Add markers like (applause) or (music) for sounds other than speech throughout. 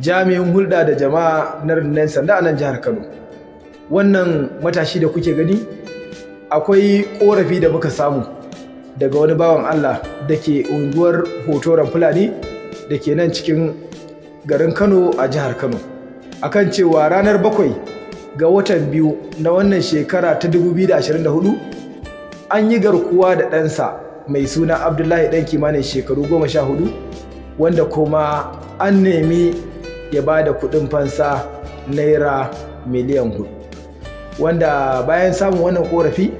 jami'in hulɗa da jama'a na rundunar sanda a nan jihar Kano. Wannan matashi da kuke gani akwai ƙorafi da muka samu daga wani bawan Allah da ke unguwar hotoran Fulani da ke nan cikin garin Kano a jihar Kano. Akan cewa ranar bakwai ga watan biyu na wannan shekara ta 2024 an yi garkuwa da ɗansa mai suna Abdullahi ɗan kimanin shekaru goma sha hudu wanda kuma an nemi ya ba da kuɗin fansa naira miliyan hudu wanda bayan samun wannan korafi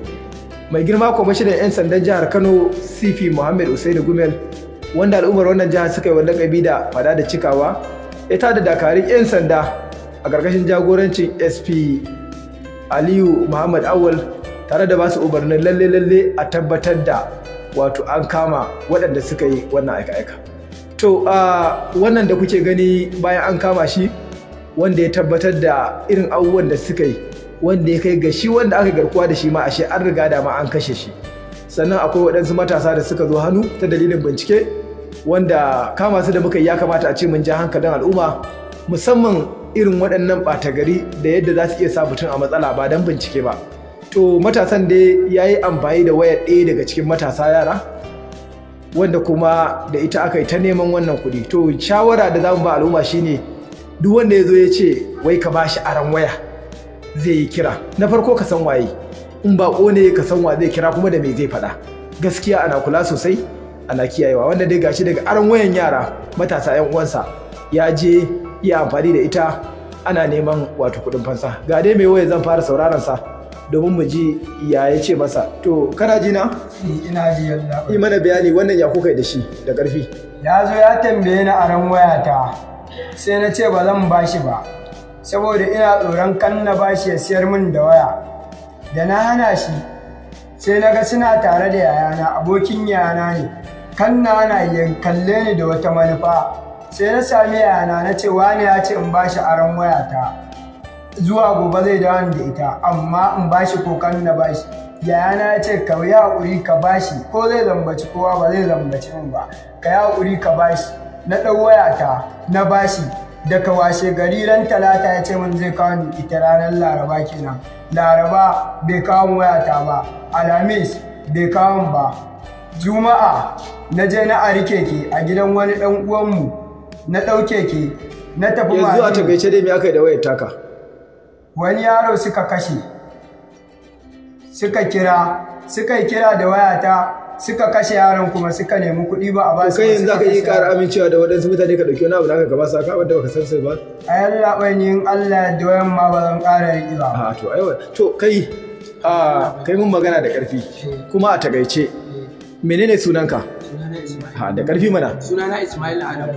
mai girma kwamishinan 'yan sandan jihar kano cp muhammad usaini gumel wanda al'ummar wannan jihar suka yi wa lakabi da fada da cikawa ya tada dakarun 'yan sanda a ƙarƙashin jagorancin sp aliyu muhammad awal tare da basu umarnin lalle-lalle a tabbatar da wato an kama waɗanda suka yi wannan aika-aika. to uh, wannan da kuke gani bayan an kama shi wanda ya tabbatar da irin abubuwan da suka yi wanda ya kai ga shi wanda aka garkuwa da shi ma ashe an riga da ma an kashe shi sannan akwai waɗansu matasa da suka zo hannu ta dalilin bincike wanda kama su da muka yi ya kamata a ce mun ja hankalin al'umma musamman irin waɗannan ɓata gari da yadda za su iya sa mutum a matsala ba don bincike ba to matasan dai ya yi amfani da wayar ɗaya daga cikin matasa yara wanda kuma da ita aka yi ta neman wannan kuɗi to shawara da zamu ba al'umma shine duk wanda ya zo ya ce wai ka bashi aran waya zai yi kira na farko ka san waye in ba ne ka san wa zai kira kuma da me zai faɗa gaskiya ana kula sosai ana kiyayewa wanda dai gashi daga aran wayan yara matasa yan uwansa ya je iya amfani da ita ana neman wato kuɗin fansa ga dai mai waya zan fara sauraron sa domin mu ji ya ya ce masa to kana ji na ina ji yalla yi mana bayani wannan ya kuka da shi da karfi ya zo ya tambaye ni ran wayata sai na ce ba zan bashi ba saboda ina tsoron kan na bashi ya siyar min da waya da na hana shi sai na ga suna tare da yayana abokin yayana ne kan na yin kalle ni da wata manufa sai na sami yana na ce wani ya ce in ba shi bashi waya wayata zuwa gobe zai dawo da ita amma in ba shi kokan na bashi yaya na ce ka yi haƙuri ka bashi ko zai zambaci kowa ba zai zambaci min ba ka yi haƙuri ka bashi na ɗau wayata na bashi daga washe gari ran talata ya ce min zai kawo ni ita ranar laraba kenan laraba bai kawo wayata ba alhamis bai kawo ba juma'a na je na ari keke a gidan wani ɗan uwanmu na ɗau keke na tafi yanzu a takaice dai me aka yi da wayar taka wani yaro suka kashe suka kira suka yi kira da wayata suka kashe yaron kuma suka nemi kuɗi ba a ba su kai yanzu aka yi ƙara amincewa da waɗansu mutane ka ɗauki wani abu naka ka ba su da wanda baka san su ba a yalla laɓan yin Allah da wayan ma ba zan ƙara riƙi ba a to aiwa to kai a kai mun magana da ƙarfi kuma a takaice menene sunanka ha da ƙarfi mana sunana Ismail Adam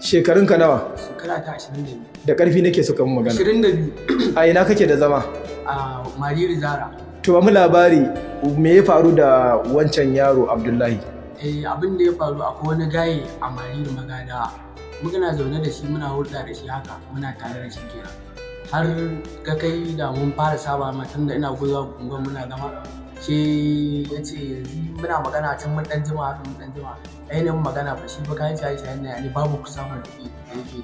Shekarun ka nawa? Shekara ta 22. Da ƙarfi nake so ka mu magana. 22. (clears throat) A ina kake da zama? A Mariri Zara. To ba mu labari me ya faru da wancan yaro Abdullahi? Eh abin da ya faru akwai wani gaye a Mariri Magada. Muna zaune da shi muna hulɗa da shi haka muna tare da shi kenan. har ka kai da mun fara saba ma tun da ina gwiwa gungun muna gama shi ya ce yanzu muna magana tun mun dan jima haka mun dan jima ainihin magana ba shi ba kayan shaye shaye na yani babu ku samun kuɗi da yake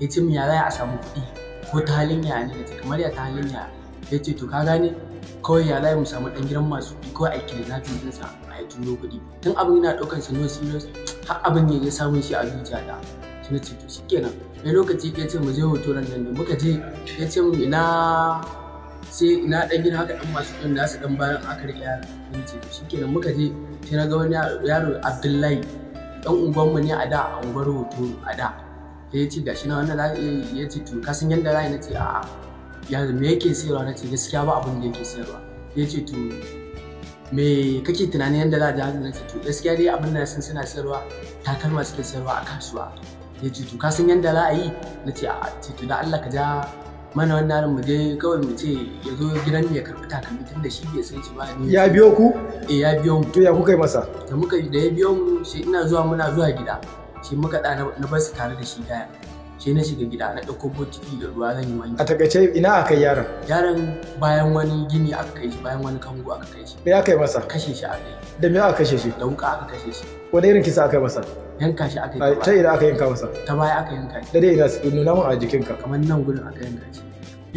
ya ce mu ya za a samu kuɗi ko ta halin ya ne ce kamar ya ta halin ya ya ce to ka gane kawai ya za mu samu dan gidan masu kuɗi ko a kiri na tuntun sa a yi turo kuɗi tun abin yana ɗaukar sa no serious har abin ya samun shi a zuciya ta na ce shi kenan ɗaya lokaci ya ce mu je hoto nan da muka je ya ce mu ina sai ina ɗan gina haka ɗan masu ɗan nasu ɗan bayan aka riƙe yaro na ce shi kenan muka je sai na ga wani yaro Abdullahi ɗan unguwanmu ne a da a unguwar hoto a da sai ya ce gashi na wannan za ya ce to ka san yadda za na ce a'a ya me yake sayarwa na ce gaskiya ba abin da yake sayarwa ya ce to me kake tunanin yadda za a ji hannun ce to gaskiya dai abin da sun suna sayarwa takalma suke sayarwa a kasuwa ya ce to ka san yanda za yi na ce a ce da Allah ka ja mana wannan mu je kawai mu ce ya zo gidan ya karɓi takalmi tun da shi bai san shi ba ni ya biyo ku eh ya biyo mu to ya kuka yi masa da muka da ya biyo mu shi ina zuwa muna zuwa gida shi muka da na basu tare da shi kaya. sai na shiga gida na ɗauko ciki da ruwa zan yi wani. A takaice ina aka kai yaron? Yaron bayan wani gini aka kai shi bayan wani kango aka kai shi. Me aka yi masa? Kashe shi a kai. Da me aka kashe shi? Da wuka aka kashe shi. Wani irin kisa aka yi masa? Yanka shi aka yi. Ta ina aka yanka masa? Ta baya aka yanka shi. Da dai ina su nuna mun a jikinka. Kamar nan gudun aka yanka shi.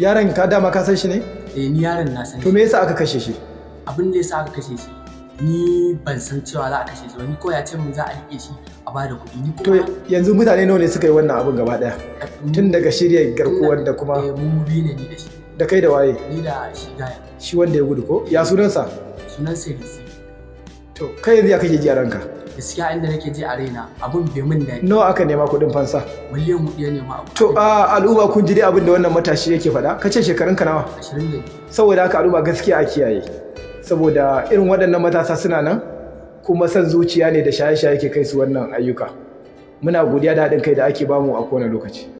Yaron ka dama ka san shi ne? Eh ni yaron na san shi. To me yasa aka kashe shi? Abin da yasa aka kashe shi ni ban san cewa za a kashe shi ba ni ko ya ce mun za a rike shi a ba da kuɗi ni to yanzu mutane nawa ne suka yi wannan abin gaba daya tun daga shirya garkuwar da kuma eh, mu bi ne ni da shi da kai da waye ni da shi gaya shi wanda ya gudu ko ya sunansa sa Risi to kai yanzu ya kake ji a ranka gaskiya inda nake ji a raina abun bai min da nawa aka nema kuɗin fansa miliyan mu ɗaya nema abu to a al'umma kun ji dai abin da wannan matashi yake faɗa kace shekarunka nawa 22 saboda haka al'umma gaskiya a kiyaye saboda irin waɗannan matasa suna nan kuma san zuciya ne da shaye-shaye ke kai su wannan ayyuka muna godiya da haɗin kai da ake bamu a kowane lokaci